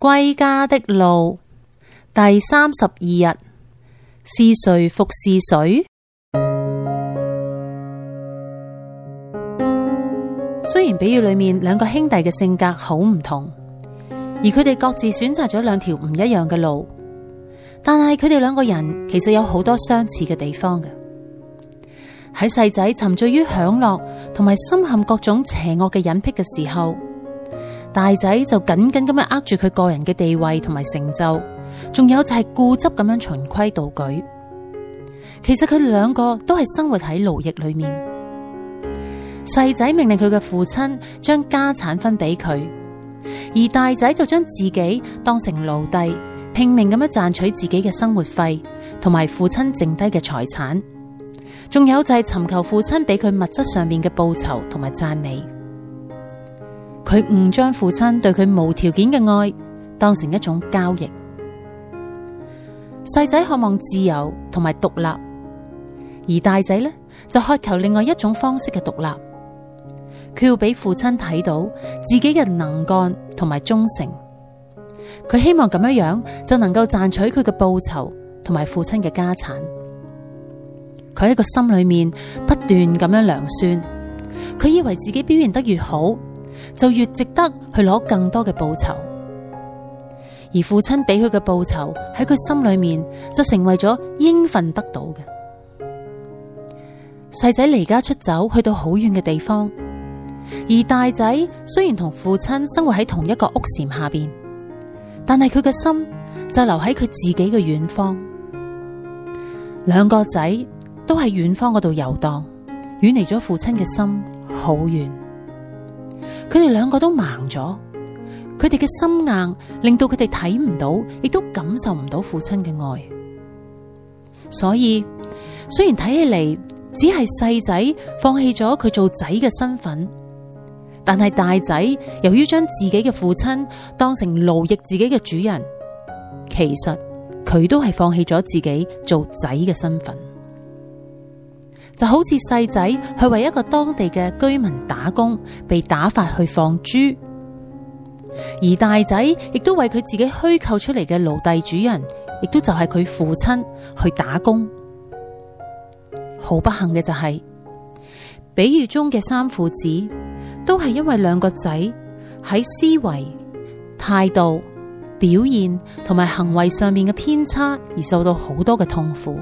歸家的路第三十二日，是誰服侍誰？雖然比喻裏面兩個兄弟嘅性格好唔同，而佢哋各自選擇咗兩條唔一樣嘅路，但係佢哋兩個人其實有好多相似嘅地方嘅。喺細仔沉醉於享樂同埋深陷各種邪惡嘅癮癖嘅時候。大仔就緊緊咁樣握住佢個人嘅地位同埋成就，仲有就係固執咁樣循規蹈矩。其實佢兩個都係生活喺奴役裏面。細仔命令佢嘅父親將家產分俾佢，而大仔就將自己當成奴隸，拼命咁樣賺取自己嘅生活費同埋父親剩低嘅財產，仲有就係尋求父親俾佢物質上面嘅報酬同埋讚美。佢誤將父親對佢無條件嘅愛當成一種交易。細仔渴望自由同埋獨立，而大仔呢，就渴求另外一種方式嘅獨立。佢要俾父親睇到自己嘅能幹同埋忠誠。佢希望咁樣樣就能夠賺取佢嘅報酬同埋父親嘅家產。佢喺個心裏面不斷咁樣量算，佢以為自己表現得越好，就越值得去攞更多嘅報酬，而父親俾佢嘅報酬喺佢心裏面就成為咗應份得到嘅。細仔離家出走去到好遠嘅地方，而大仔雖然同父親生活喺同一個屋檐下邊，但係佢嘅心就留喺佢自己嘅遠方。兩個仔都喺遠方嗰度遊蕩，遠離咗父親嘅心好遠。佢哋兩個都盲咗，佢哋嘅心硬，令到佢哋睇唔到，亦都感受唔到父親嘅愛。所以雖然睇起嚟只係細仔放棄咗佢做仔嘅身份，但係大仔由於將自己嘅父親當成奴役自己嘅主人，其實佢都係放棄咗自己做仔嘅身份。就好似細仔去為一個當地嘅居民打工，被打發去放豬；而大仔亦都為佢自己虛構出嚟嘅奴隸主人，亦都就係佢父親去打工。好不幸嘅就係，比喻中嘅三父子都係因為兩個仔喺思維、態度、表現同埋行為上面嘅偏差而受到好多嘅痛苦。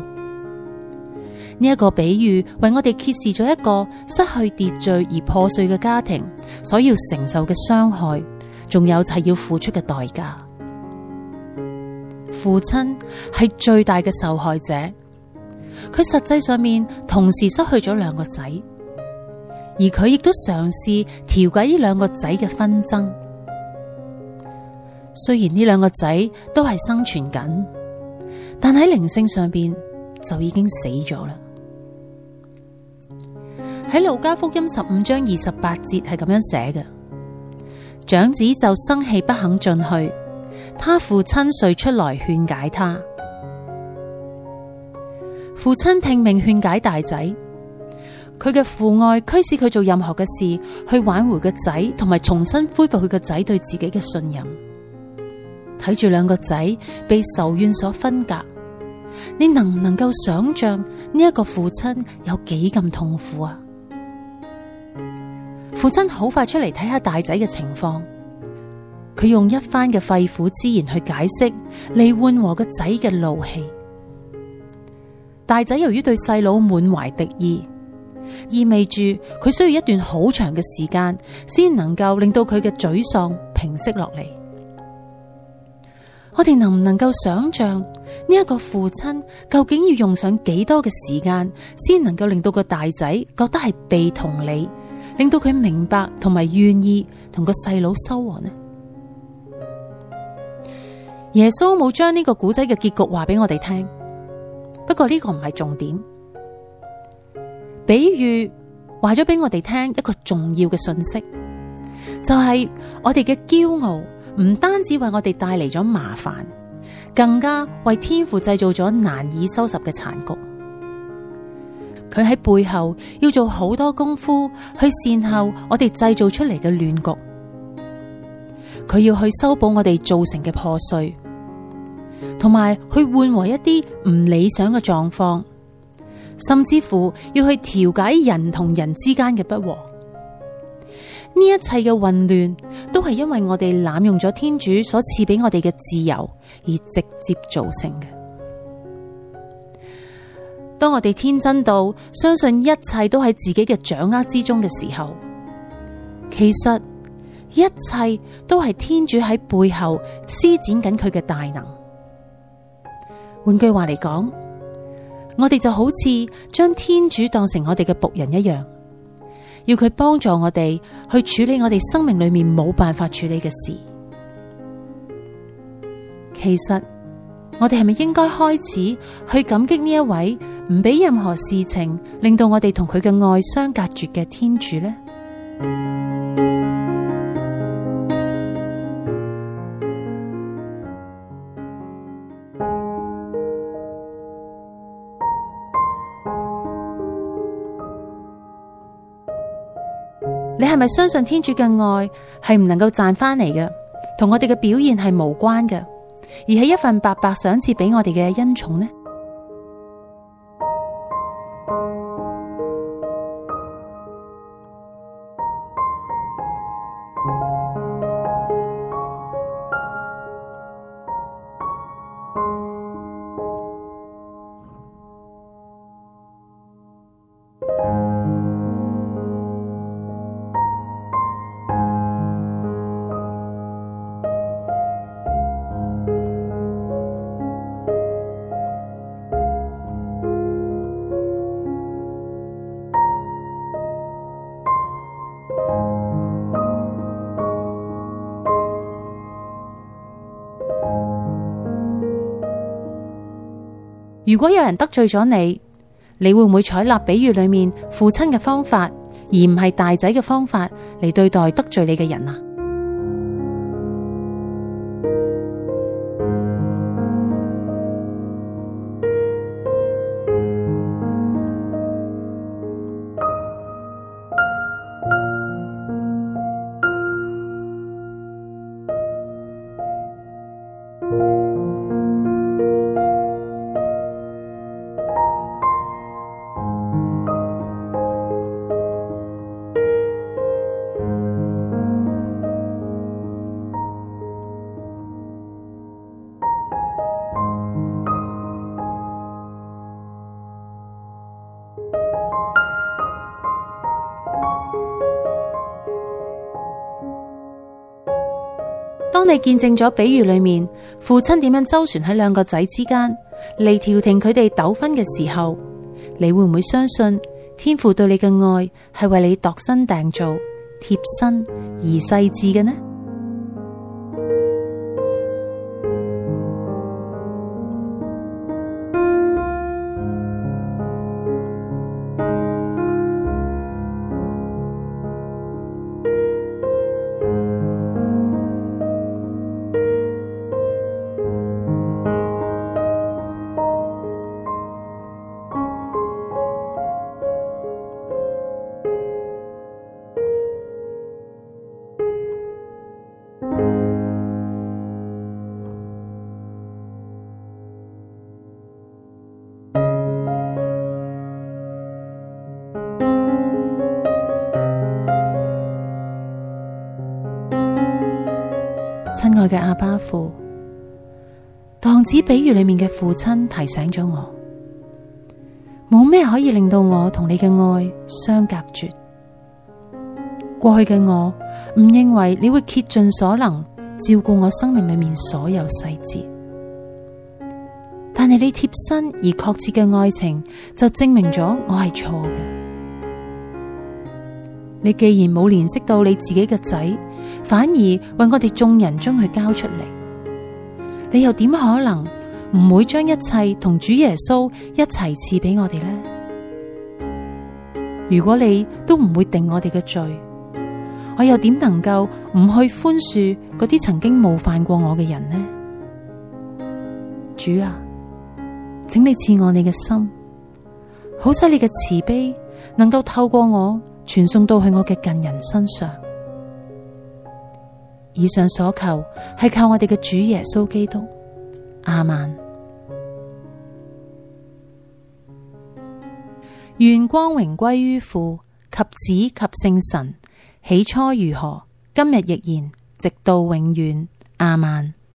呢一個比喻為我哋揭示咗一個失去秩序而破碎嘅家庭所要承受嘅傷害，仲有就係要付出嘅代價。父親係最大嘅受害者，佢實際上面同時失去咗兩個仔，而佢亦都嘗試調解呢兩個仔嘅紛爭。雖然呢兩個仔都係生存緊，但喺靈性上邊就已經死咗啦。喺《路加福音》十五章二十八節係咁樣寫嘅：長子就生氣，不肯進去。他父親遂出來勸解他。父親拼命勸解大仔，佢嘅父愛驅使佢做任何嘅事，去挽回個仔，同埋重新恢復佢個仔對自己嘅信任。睇住兩個仔被仇怨所分隔，你能唔能夠想象呢一個父親有幾咁痛苦啊？父親好快出嚟睇下大仔嘅情況，佢用一番嘅肺腑之言去解釋嚟緩和個仔嘅怒氣。大仔由於對細佬滿懷敵意，意味住佢需要一段好長嘅時間先能夠令到佢嘅沮喪平息落嚟。我哋能唔能夠想象呢一個父親究竟要用上幾多嘅時間，先能夠令到個大仔覺得係被同理？令到佢明白同埋願意同個細佬修和呢？耶穌冇將呢個古仔嘅結局話俾我哋聽，不過呢個唔係重點。比喻話咗俾我哋聽一個重要嘅訊息，就係我哋嘅驕傲唔單止為我哋帶嚟咗麻煩，更加為天父製造咗難以收拾嘅殘局。佢喺背後要做好多功夫去善後我哋製造出嚟嘅亂局，佢要去修補我哋造成嘅破碎，同埋去緩和一啲唔理想嘅狀況，甚至乎要去調解人同人之間嘅不和。呢一切嘅混亂，都係因為我哋濫用咗天主所賜俾我哋嘅自由而直接造成嘅。當我哋天真到相信一切都喺自己嘅掌握之中嘅時候，其實一切都係天主喺背後施展緊佢嘅大能。換句話嚟講，我哋就好似將天主當成我哋嘅僕人一樣，要佢幫助我哋去處理我哋生命裏面冇辦法處理嘅事。其實，我哋係咪應該開始去感激呢一位？唔俾任何事情令到我哋同佢嘅愛相隔絕嘅天主呢？ 你係咪相信天主嘅愛係唔能夠賺翻嚟嘅，同我哋嘅表現係無關嘅，而係一份白白賞賜俾我哋嘅恩寵呢？如果有人得罪咗你，你會唔會採納比喻裏面父親嘅方法，而唔係大仔嘅方法嚟對待得罪你嘅人啊？當你見證咗比喻裏面父親點樣周旋喺兩個仔之間嚟調停佢哋糾紛嘅時候，你會唔會相信天父對你嘅愛係為你度身訂造、貼身而細緻嘅呢？親愛嘅阿爸父，蕩子比喻裏面嘅父親提醒咗我，冇咩可以令到我同你嘅愛相隔絕。過去嘅我唔認為你會竭盡所能照顧我生命裏面所有細節，但係你貼身而確切嘅愛情就證明咗我係錯嘅。你既然冇憐惜到你自己嘅仔，反而為我哋眾人將佢交出嚟，你又點可能唔會將一切同主耶穌一齊賜俾我哋呢？如果你都唔會定我哋嘅罪，我又點能夠唔去寬恕嗰啲曾經冒犯過我嘅人呢？主啊，請你賜我你嘅心，好使你嘅慈悲能夠透過我傳送到去我嘅近人身上。以上所求係，靠我哋嘅主耶穌基督，亞孟。願光榮歸於父及子及聖神，起初如何，今日亦然，直到永遠，亞孟。